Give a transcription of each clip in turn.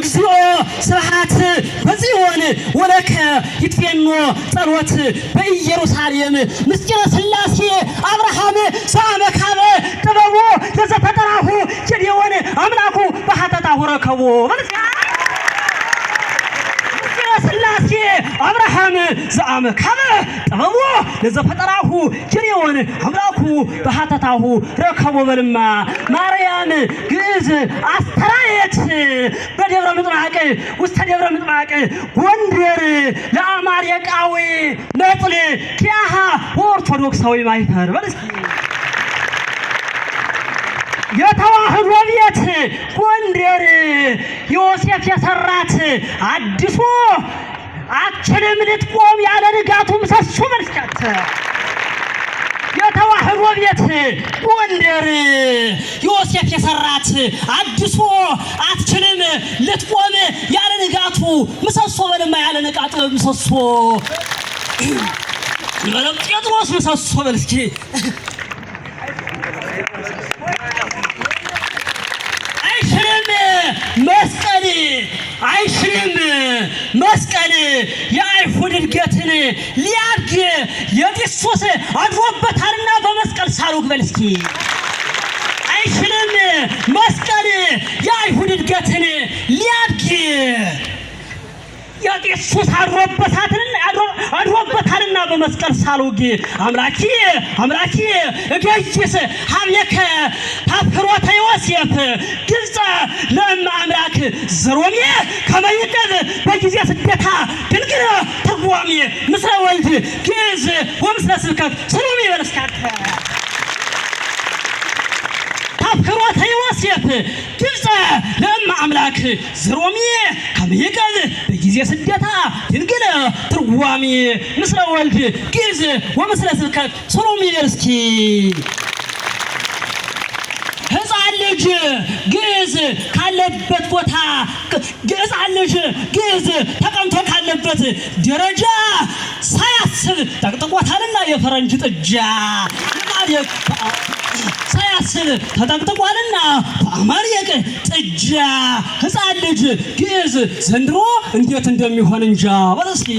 እግዚኦ ስብሐት በጽዮን ወለከ ይትፌኖ ጸሎት በኢየሩሳሌም ምስጢረ ሥላሴ አብርሃም ሰአመካበ ጥበቡ የዘፈጠራሁ ጌዴዎን አምላኩ በኃጢአታሁ ረከቦ ወናሴ አብርሃም ዘአመካበ ጥበቦ ለዘፈጠራሁ ጅሬውን አምላኩ በሃተታሁ ረከቦ በልማ ማርያም ግዕዝ አስተራየት በደብረ ምጥማቅ ውስተ ደብረ ምጥማቅ ጎንደር የቃዊ መጥል ኪያሃ ኦርቶዶክሳዊ ማይፈር በለስ የተዋህዶ ቤት ጎንደር ዮሴፍ የሰራት አዲሶ አችልም ልትቆም ያለ ንጋቱ ምሰሶ መልስጫት የተዋህዶ ቤት ጎንደር ዮሴፍ የሰራት አድሶ አትችልም ልትቆም ያለ ንጋቱ ምሰሶ በለማ ያለ ንቃት ምሰሶ ጴጥሮስ ምሰሶ በል እስኪ መስቀል የአይሁድ እድገትን ሊያድግ የጢሶስ አድሮበታልና በመስቀል ሳሩግ በል እስኪ አይችልም። መስቀል የአይሁድ እድገትን ሊያድግ የጢሶስ አድሮበታልና በመስቀል ሳሉግ አምላኪ አምላኪ እገይስ ሀብየከ ፓፕሮተ ዮሴፍ ግብፀ ለእመ አምላክ ዘሮሜ ከመይቀዝ በጊዜ ስደታ ድንግል ተጓሜ ምስለ ወልድ ግዕዝ ወምስለ ስብከት ስሉሜ በለስካተ ታፍክሮተ ዮሴፍ ግብፀ ለእመ አምላክ ዘሮሜ በጊዜ ስደታ ድንግል ትርጓሜ ምስለ ወልድ ግዕዝ ወምስለ ስብከት ስሉሜ በለስኪ ልጅ ግዕዝ ካለበት ቦታ ሕፃን ልጅ ግዕዝ ተቀምጦ ካለበት ደረጃ ሳያስብ ጠቅጥቋታልና የፈረንጅ ጥጃ ሳያስብ ተጠቅጥቋልና በአማርየቅ ጥጃ ሕፃን ልጅ ግዕዝ ዘንድሮ እንዴት እንደሚሆን እንጃ። በተስኪ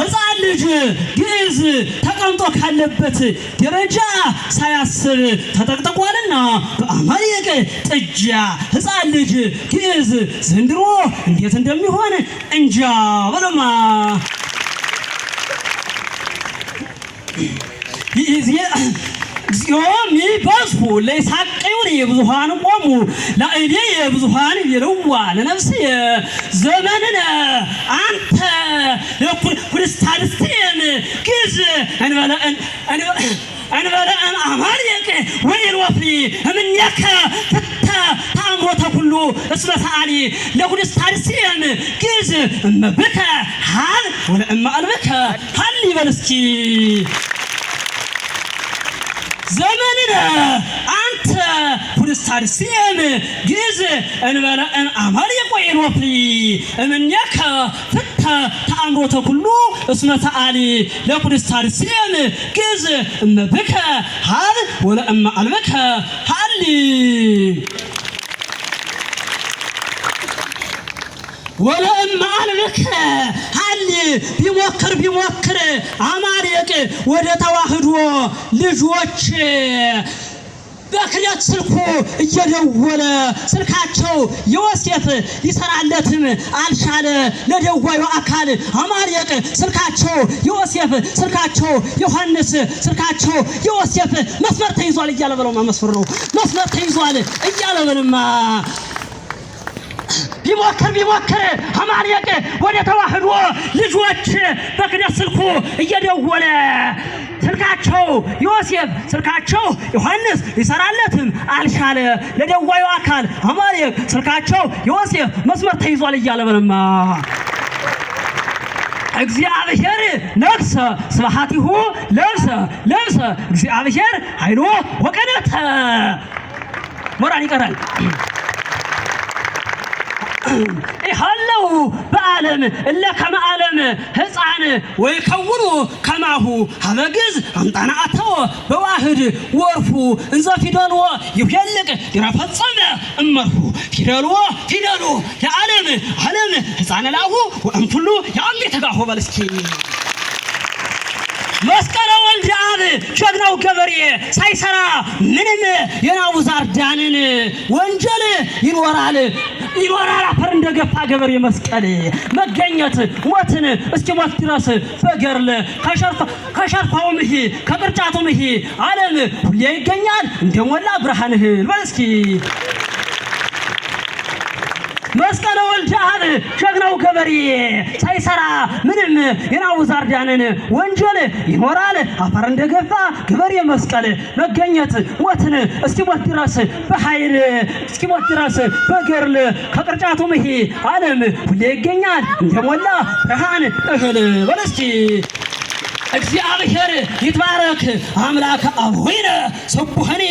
ሕፃን ልጅ ግዕዝ ተቀምጦ ካለበት ደረጃ ሳያስር ተጠቅጥቋልና በአማሌቅ ጥጃ ሕፃን ልጅ ግዕዝ ዘንድሮ እንዴት እንደሚሆን እንጃ በለማ እግዚኦ ሚበዝሑ ለይሳቀዩኒ የብዙሃን ቆሙ ለእኔ የብዙሃን ይልዋ ለነፍስየ ዘመንነ አንተ ፕሮቴስታንትን ግዝ እንበለአን አማልቅ ወይን ወፍሪ እምኔከ ትተ ተአምሮ ተኩሉ እስመ ሰአሊ ለፕሮቴስታንትን ግዝ እመብከ ሀል ወለእመ አልብከ ሀል ይበል እስኪ ዘመንነ አንተ ፕሮቴስታንትን ግዝ እንበለአን አማልቅ ወይን ወፍሪ እምኔከ ተአምሮተ ኩሉ እስመ ተአሊ ለኩልስታርሴን ግዝ እመብከ ሀል ወለ እመ አልበከ ሀሊ ወለእም አልበከ ሀሊ ቢሞክር ቢሞክር አማሌቅ ወደ ተዋህዶ ልጆች በክደት ስልኩ እየደወለ ስልካቸው የወሴት ሊሰራለትም አልቻለ። ለደዋዩ አካል አማርየቅ ስልካቸው ዮሴፍ ስልካቸው ዮሐንስ ስልካቸው ዮሴፍ መስመር ተይዟል እያለ በለውማ መስመር ነው መስመር ተይዟል እያለ በለማ ቢሞክር ቢሞክር አማርየቅ ወደ ተዋህዶ ልጆች በክደት ስልኩ እየደወለ ስልካቸው ዮሴፍ ስልካቸው ዮሐንስ ሊሰራለትም አልቻለ። ለደዋዩ አካል አማሌቅ ስልካቸው ዮሴፍ መስመር ተይዟል እያለ በለማ እግዚአብሔር ነግሰ ስብሐቲሁ ለብሰ ለብሰ እግዚአብሔር ኃይሎ ወቀነተ ሞራን ይቀራል። ይኸለው በዓለም እለ ከመ ዓለም ሕፃን ወይከውኑ ከማሁ ሀበግዝ አምጣነ በዋህድ ወርፉ እንዘ ፊደልዎ ይፌልቅ ይረፈጸመ እመርሁ ፊደልዎ ፊደሉ የዓለም ዓለም ሕፃነ ላሁ ወእምኩሉ የአሜ ተጋሆ በልስኪ መስቀለ ወልድ አብ ጀግናው ገበሬ ሳይሰራ ምንም የናቡዛርዳንን ወንጀል ይኖራል ይኖራል አፈር እንደገፋ ገበሬ መስቀል መገኘት ሞትን እስኪ ሞት ድረስ በገርል ከሸርፋውም ይሄ ከቅርጫቱም ይሄ ዓለም ሁሌ ይገኛል እንደሞላ ብርሃንህ በል እስኪ መስቀለ ወልድ ጀግናው ገበሬ ሳይሰራ ምንም የናቡዝ ወንጀል ይኖራል አፈር እንደገፋ ገበሬ መስቀል መገኘት ሞትን እስኪሞት ድረስ በኃይል እስኪሞት ድረስ በገርል ከቅርጫቱ ምሂ ዓለም ሁሌ ይገኛል እንደሞላ ብርሃን እህል በለስቲ እግዚአብሔር ይትባረክ አምላክ አቡነ ስቡሐኒ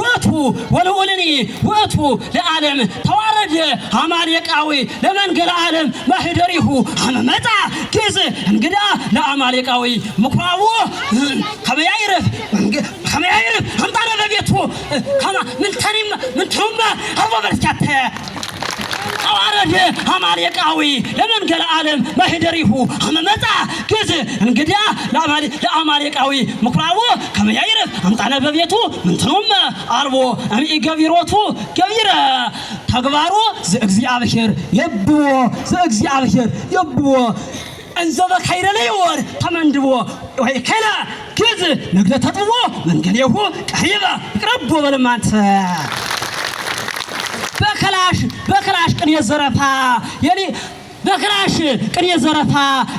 ወቱ ወልዑልኒ ወቱ ለዓለም ተዋረደ አማሌቃዊ ለመንገድ ዓለም ማህደሪሁ አመመጣ ግዝ እንግዳ ለአማሌቃዊ ምኩራቡ ከመያይረፍ ከመያይረፍ አምጣነ በቤቱ ከማ ምንተኒም ምንቱም በርቻተ ከዋረደ አማሌቃዊ ለመንገለ ዓለም መህደሪሁ አመመጣ ግዝ እንግዲያ ለአማሌቃዊ ምኩራቦ ከመያይረፍ አምጣነ በቤቱ ምንትኖመ አርቦ እምኢ ገቢሮቱ ገቢረ ተግባሮ ዘእግዚአብሔር የብዎ ዘእግዚአብሔር የብዎ እንዘበ ከይረ ለይወር ተመንድቦ ወይ ከላ ግዝ ንግደ ተጥቦ መንገሌሁ ቀሪበ ቅረቦ በለማንተ በክላሽ በክላሽ ቅኔ ዘረፋ በክላሽ ቅኔ ዘረፋ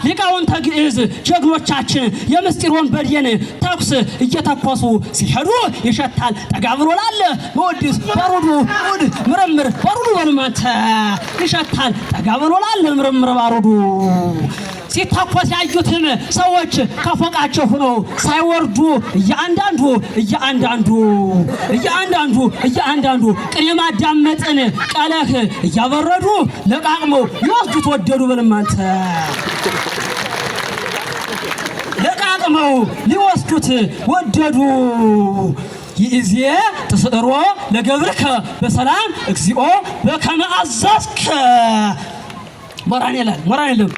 ሊቃውንተ ግዕዝ ጀግኖቻችን የምስጢር ወንበዴን ተኩስ እየተኮሱ ሲሄዱ ይሸታል። ጠጋ ብሎ ላለ መወድስ በሩዱ ውድ ምርምር በሩዱ በልመተ ይሸታል። ጠጋ ብሎ ላለ ምርምር ባሩዱ ሲተኮስ ያዩትን ሰዎች ከፎቃቸው ሆኖ ሳይወርዱ እያንዳንዱ እያንዳንዱ እያንዳንዱ እያንዳንዱ ቅኔ ማዳመጥን ቀለህ እያበረዱ ለቃቅሞ ይወስዱት ወደዱ። ብልም አንተ ለቃቅመው ሊወስዱት ወደዱ። ይእዜ ተሰጥሮ ለገብርከ በሰላም እግዚኦ በከመ አዘዝከ ሞራን የለን ሞራን የለም።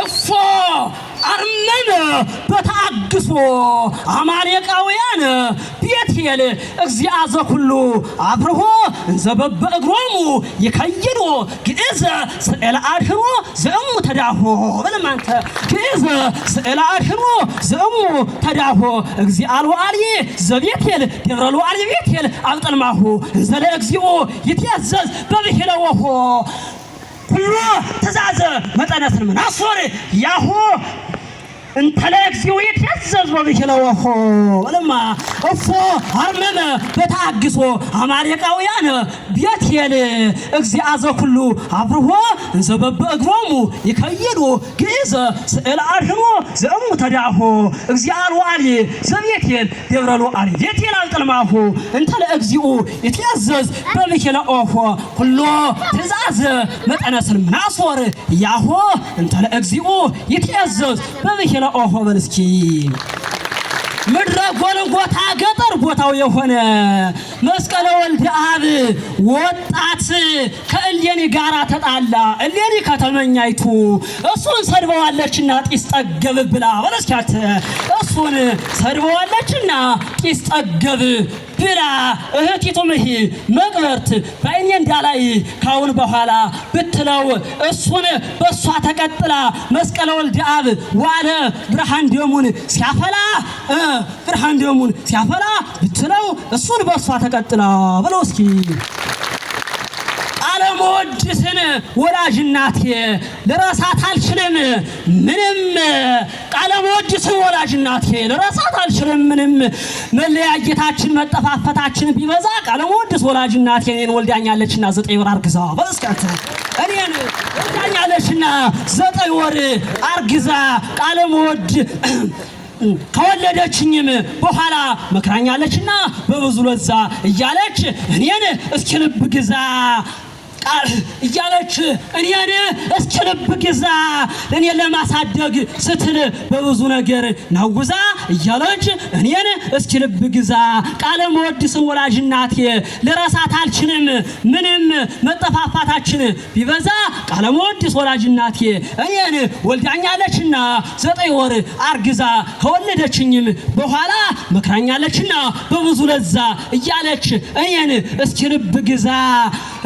እፎ አርመን በተአግሶ አማሌቃውያን ቤቴል እግዚአ ዘኩሉ አፍርሆ እንዘ በበ እግሮሙ ይከይዶ ግዕዝ ስዕለ አድኅኖ ዘእሙ ተዳሆ በለማንተ ግዕዝ ስዕለ አድኅኖ ዘእሙ ተዳሆ እግዚአ ሉዓልዬ ዘቤቴል ደብረ ሉዓልዬ ቤቴል አብጠልማሁ እንዘለ እግዚኦ ይትያዘዝ በብሔለወሆ ሁሉ ትእዛዝ መጠነስንም ያሁ እንተለ እግዚኦ ይታዘዝ ወብሂለወሆ ወለማ እፎ አርመመ በታግሶ አማሌቃውያን ቤቴል እግዚአ ዘኩሉ አብርሆ እንዘ በበእግሮሙ ይከይዱ ግእዘ ስዕል አድኅኖ ዘእሙ ተዳሆ እግዚአ ሉዓሊ ዘቤቴል ደብረ ሉዓሊ ቤቴል አልጠልማሁ እንተለ እግዚኡ ይታዘዝ በብሂለኦሆ ሁሎ ትእዛዝ መጠነ ስልምናሶር ያሆ እንተለ እግዚኡ ይታዘዝ በብሂለ የሆነ ኦሆ በል እስኪ ምድረ ጎልጎታ ገጠር ቦታው የሆነ መስቀለ ወልድ አብ ወጣት ከእሌኒ ጋር ተጣላ። እሌኒ ከተመኛይቱ እሱን ሰድበዋለችና ጢስ ጠገብ ብላ በለስኪያት እሱን ሰድበዋለችና ጢስ ጠገብ ብላ እህቲቱ ምሂ መቅበርት በእኔ እንዳላይ ካሁን በኋላ ብትለው እሱን በእሷ ተቀጥላ መስቀለ ወልድ አብ ዋለ ብርሃን ደሙን ሲያፈላ ብርሃን ደሙን ሲያፈላ ብትለው እሱን በእሷ ተቀጥላ ብለው እስኪ አለመወድስን ወላጅ ልረሳት አልችልም ምንም ባለመወድስ ወላጅ እናቴን ልረሳት አልችልም። ምንም መለያየታችን መጠፋፈታችን ቢበዛ ቃለመወድስ ወላጅ እናቴ እኔን ወልዳኛለችና ዘጠኝ ወር አርግዛ በስቀት እኔን ወልዳኛለችና ዘጠኝ ወር አርግዛ ቃለመወድ ከወለደችኝም በኋላ መክራኛለችና በብዙ ለዛ እያለች እኔን እስኪ ልብ ግዛ ቃል እያለች እኔን እስኪ ልብ ግዛ እኔን ለማሳደግ ስትል በብዙ ነገር ናውዛ እያለች እኔን እስኪ ልብ ግዛ ቃለ መወድስን ወላጅ እናቴ ልረሳት አልችልም ምንም መጠፋፋታችን ቢበዛ ቃለ መወድስ ወላጅ እናቴ እኔን ወልዳኛለችና ዘጠኝ ወር አርግዛ ከወለደችኝም በኋላ መክራኛለችና በብዙ ለዛ እያለች እኔን እስኪ ልብ ግዛ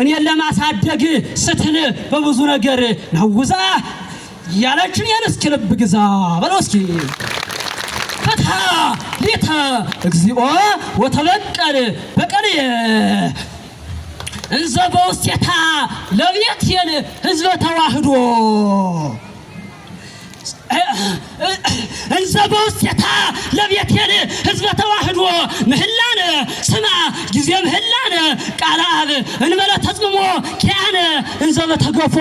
እኔን ለማሳደግ ስትል በብዙ ነገር ናውዛ ያለችን ያን እስኪ ልብ ግዛ በለው እስኪ ፈታ ሊተ እግዚኦ ወተበቀል በቀል እንዘ በውስቴታ ለብየትየን ህዝበ ተዋህዶ እንዘ በውስቴታ ለብየትየን ህዝበ ተዋህዶ ምህላነ ጊዜም ህላን ቃለ እንበለ ተጽምሞ ኪያነ እንዘበ ተገፎ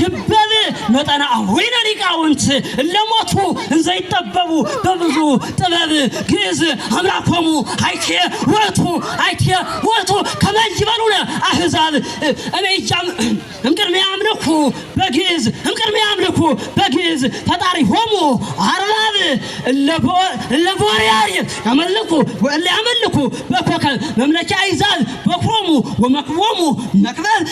ግበብ መጠነ አሁነ ሊቃውንት እለሞቱ እንዘ ይጠበቡ በብዙ ጥበብ ግዝ አምላኮሙ አይቴ ወቱ አይቴ ወቱ ከመይበሉነ እኔ እመይጃም እምቅድመ ያምልኩ በግዝ እምቅድመ መልኩ በግዕዝ ፈጣሪ ሆሙ አርባብ እለቦርያር ያመልኩ ወእለ ያመልኩ በኮከብ መምለኪያ ይዛዝ በክሮሙ ወመክቦሙ መቅበብ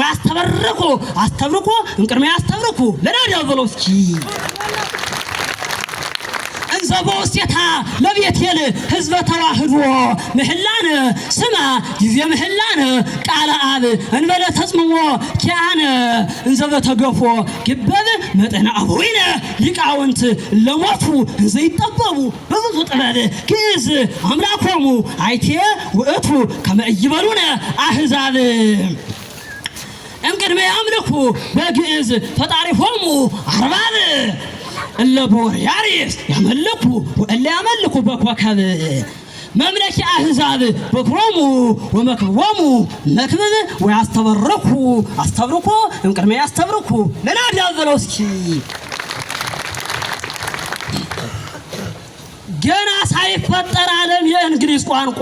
ወያስተበርኩ አስተብርኩ እንቅድሚያ ያስተብርኩ ለናዲያ በሎስኪ ዘቦ ውስቴታ ለቤቴል ህዝበ ተዋህዶ ምህላን ስማ ጊዜ ምህላን ቃለ አብ እንበለ ተጽምዎ ኪያነ እንዘበ ተገፎ ግበብ መጠነ አበዊነ ሊቃውንት ለሞቱ እንዘ ይጠበቡ በብዙ ጥበብ ግዕዝ አምላኮሙ አይቴ ውእቱ ከመ ኢይበሉነ አሕዛብ እምቅድመ ያምልኩ በግዕዝ ፈጣሪሆሙ አርባብ እለ ቦሪያርስ ያመልኩ ወእለ ያመልኩ በኮከብ መምለኪ አህዛብ በክሮሙ ወመክብቦሙ መክብብ ወያስተበረኩ አስተብርኮ እምቅድመ አስተብርኩ ለናድ ያዘለው እስኪ ገና ሳይፈጠር ዓለም የእንግሊዝ ቋንቋ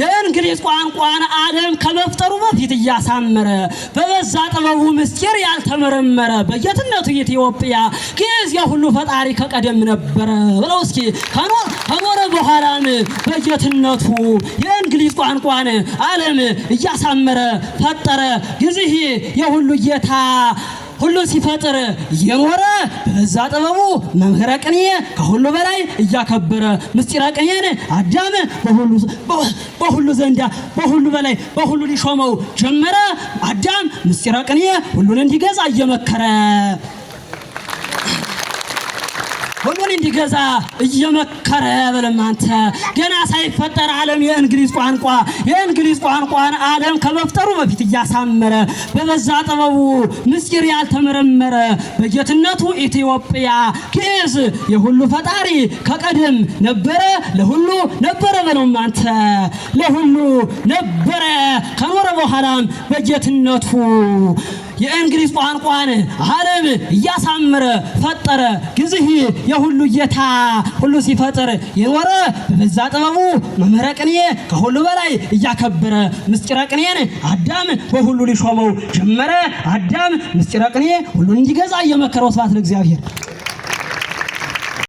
የእንግሊዝ ቋንቋን ዓለም ከመፍጠሩ በፊት እያሳመረ በበዛ ጥበቡ ምስጢር ያልተመረመረ በየትነቱ ኢትዮጵያ ጊዜ ሁሉ ፈጣሪ ከቀደም ነበረ ብለው እስኪ ከኖረ በኋላም በየትነቱ የእንግሊዝ ቋንቋን ዓለም እያሳመረ ፈጠረ ጊዜ የሁሉ ጌታ ሁሉን ሲፈጥር የኖረ በዛ ጥበቡ መምህረ ቅኔ ከሁሉ በላይ እያከበረ ምስጢረ ቅኔን አዳም በሁሉ ዘንዳ በሁሉ በላይ በሁሉ ሊሾመው ጀመረ። አዳም ምስጢረ ቅኔ ሁሉን እንዲገዛ እየመከረ ሁሉን እንዲገዛ እየመከረ በለም አንተ ገና ሳይፈጠር ዓለም የእንግሊዝ ቋንቋ የእንግሊዝ ቋንቋን ዓለም ከመፍጠሩ በፊት እያሳመረ በበዛ ጥበቡ ምስጢር ያልተመረመረ በጌትነቱ ኢትዮጵያ ግዕዝ የሁሉ ፈጣሪ ከቀደም ነበረ ለሁሉ ነበረ በለም አንተ ለሁሉ ነበረ ከኖረ በኋላም በጌትነቱ የእንግሊዝ ቋንቋን ዓለም እያሳመረ ፈጠረ። ግዝህ የሁሉ ጌታ ሁሉ ሲፈጥር የኖረ በበዛ ጥበቡ መምህረ ቅኔ ከሁሉ በላይ እያከበረ ምስጢረ ቅኔን አዳም በሁሉ ሊሾመው ጀመረ። አዳም ምስጢረ ቅኔ ሁሉን እንዲገዛ እየመከረው ስብሐት ለእግዚአብሔር።